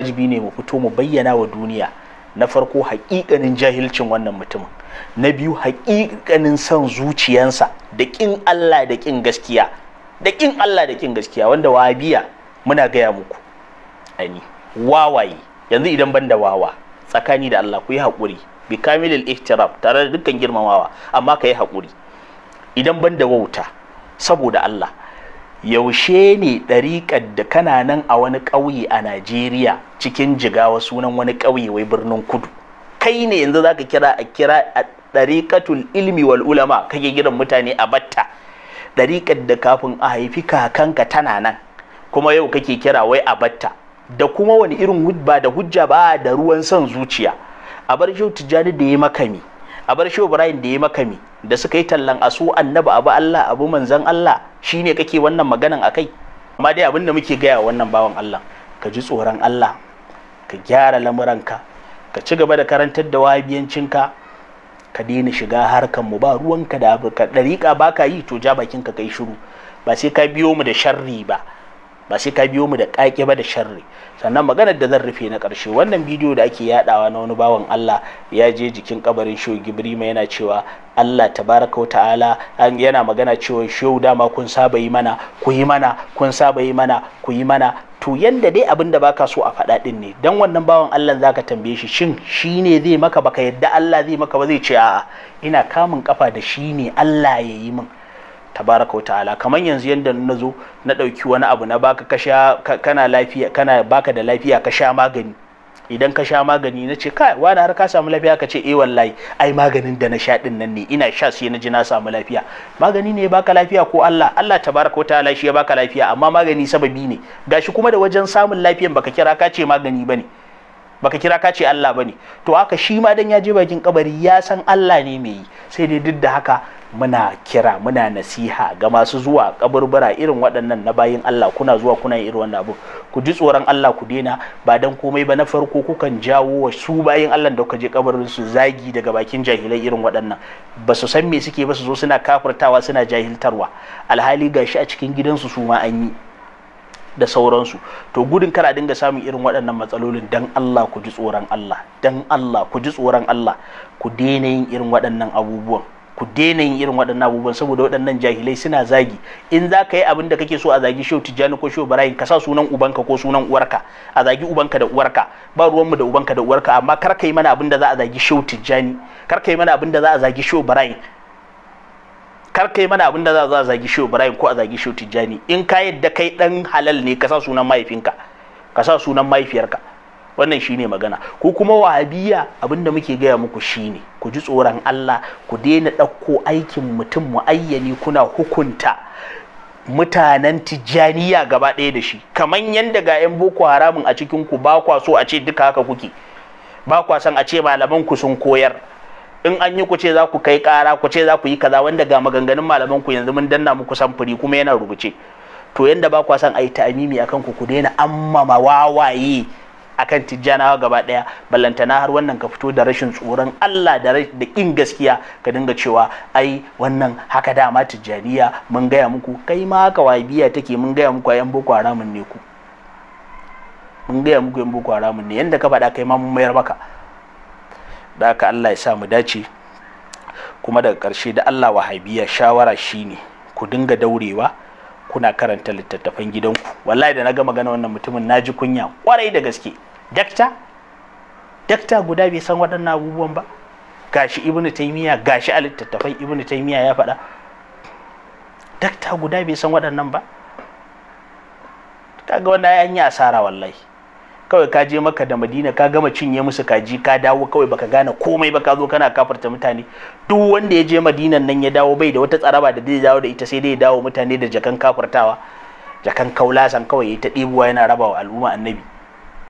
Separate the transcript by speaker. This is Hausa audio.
Speaker 1: wajibi ne mu fito mu bayyana wa duniya na farko haƙiƙanin jahilcin wannan mutumin na biyu haƙiƙanin son zuciyansa da ƙin Allah da ƙin gaskiya da ƙin Allah da ƙin gaskiya wanda wabiya muna gaya muku ani wawaye yanzu idan banda wawa tsakani da Allah ku yi haƙuri bi kamilil ihtirab tare da dukkan girmamawa amma ka yi haƙuri idan banda da wauta saboda Allah yaushe ne ɗariƙar da kana nan a wani ƙauye a najeriya cikin jigawa sunan wani ƙauye wai birnin kudu kai ne yanzu za ka kira a kira a ɗariƙatul ilmi wal ulama kake gidan mutane a batta ɗariƙar da kafin a haifi kakanka tana nan kuma yau kake kira wai a batta da kuma wani irin ba da hujja ba da ruwan son zuciya a bar shi tijjani da ya makami a bar shi Ibrahim da ya makami da suka yi tallan asu annabi abu Allah abu manzan Allah shine kake wannan maganan akai amma dai abin da muke gaya wannan bawan Allah ka ji tsoron Allah ka gyara lamuranka ka ci gaba da karantar da wahabiyancinka ka daina shiga harkan mu ba ruwanka da abu ka dariƙa baka yi to ja bakinka kai shiru ba sai ka biyo mu da sharri ba ba sai ka biyo mu da ƙaƙi ba da sharri sannan maganar da zan rufe na ƙarshe wannan bidiyo da ake yadawa na wani bawan Allah ya je jikin kabarin shehu Gibrima yana cewa Allah tabaraka ta'ala an yana magana cewa shehu dama kun saba yi mana ku yi mana kun saba yi mana ku yi mana to yanda dai abin da baka so a faɗa din ne dan wannan bawan Allah zaka tambaye shi shin shine zai maka baka yadda Allah zai maka ba zai ce a'a ina kamun kafa da shine Allah ya yi min tabaraka wa ta'ala kamar yanzu yadda na zo na ɗauki wani abu na baka kasha kana lafiya kana baka da lafiya ka sha magani idan ka sha magani na ce kai wani har ka samu lafiya ka ce eh wallahi ai maganin da na sha din nan ne ina sha sai na ji na samu lafiya magani ne ya baka lafiya ko Allah Allah tabaraka ta'ala shi ya baka lafiya amma magani sababi ne gashi kuma da wajen samun lafiyan baka kira ka ce magani bane baka kira ka ce Allah bane to haka shi ma dan ya je bakin kabari ya san Allah ne mai sai dai duk da haka muna kira muna nasiha ga masu zuwa kaburbura irin waɗannan na bayin Allah kuna zuwa kuna yin irin wannan abu ku ji tsoron Allah ku daina ba dan komai ba na farko kukan jawo wa su bayin Allah da kuka je kabarin su zagi daga bakin jahilai irin waɗannan ba su san me suke ba su zo suna kafirtawa suna jahiltarwa alhali gashi a cikin gidansu su ma an yi da sauransu to gudun kar dinga samun irin waɗannan matsalolin dan Allah ku ji tsoron Allah dan Allah ku ji tsoron Allah ku daina yin irin waɗannan abubuwan ku daina yin irin waɗannan abubuwan saboda waɗannan jahilai suna zagi in za ka yi abin da kake so a zagi shehu tijjani ko shehu barayin ka sa sunan ubanka ko sunan uwarka a zagi ubanka da uwarka ba ruwanmu da ubanka da uwarka amma kar ka yi mana abin da za a zagi shehu tijjani kar ka yi mana abin da za a zagi shehu barayin kar kai mana abin da za a zagi shi Ibrahim ko a zagi shi Tijjani in ka yadda kai dan halal ne ka sa sunan mahaifinka ka sa sunan mahaifiyarka wannan shine magana ko kuma wahabiya abin da muke gaya muku shine ku ji tsoron Allah ku daina ɗauko aikin mutum mu muayyani kuna hukunta mutanen tijjaniya gaba ɗaya da shi kamar yadda ga 'yan boko haramun a cikin ku ba kwa so a ce duka haka kuke ba kwa san a ce malaman ku sun koyar in an yi ku ce za ku kai kara ku ce za ku yi kaza wanda ga maganganun malaman ku yanzu mun danna muku samfuri kuma yana rubuce to yanda ba kwa san ayi ta'amimi akan ku ku daina ammama wawaye akan tijjanawa gaba daya ballantana har wannan ka fito da rashin tsoron Allah da da kin gaskiya ka dinga cewa ai wannan haka dama tijjaniya mun gaya muku kai ma haka wabiya take mun gaya muku ayan boko haramun ne ku mun gaya muku yan boko haramun ne yanda ka faɗa kai ma mun mayar maka da Allah ya sa mu dace kuma daga ƙarshe da Allah wahabiya shawara shine ku dinga daurewa kuna karanta littattafan gidanku wallahi da na ga magana wannan mutumin na ji kunya kwarai da gaske dakta dakta guda bai san waɗannan abubuwan ba gashi ibnu taymiya gashi a littattafan ibnu taymiya ya faɗa dakta guda bai san waɗannan ba kaga wannan ya yi asara wallahi kawai ka je maka da madina ka gama cinye musu kaji ka dawo kawai baka gane komai ba ka zo kana kafarta mutane duk wanda ya je madinan nan ya dawo bai da wata tsaraba da zai dawo da ita sai dai ya dawo mutane da jakan kafartawa jakan kaulasan kawai ya ta ɗebuwa yana rabawa al'umma annabi